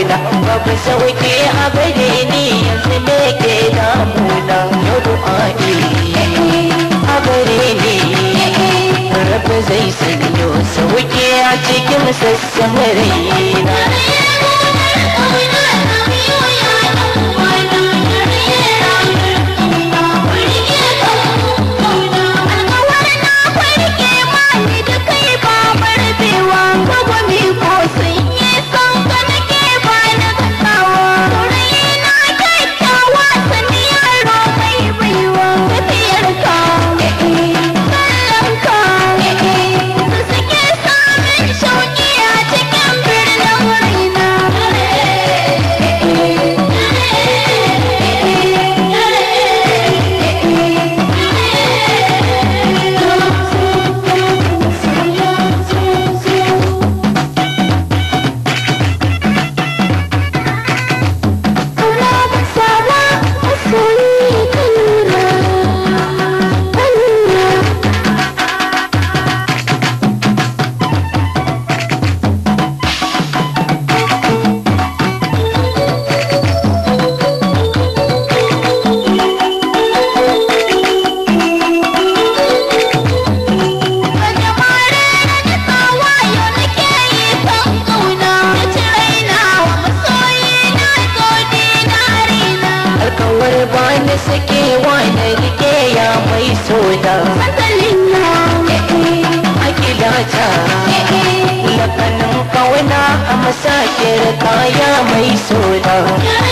damuna babu sauke a ni yanzu me ke damuna yau du'a'i a gare ni rabu zai sanyo sauki a cikin sassan raina da suke wani rike ya mai soda matsalin na a gidata lakanin kauna a masakir kaya mai soda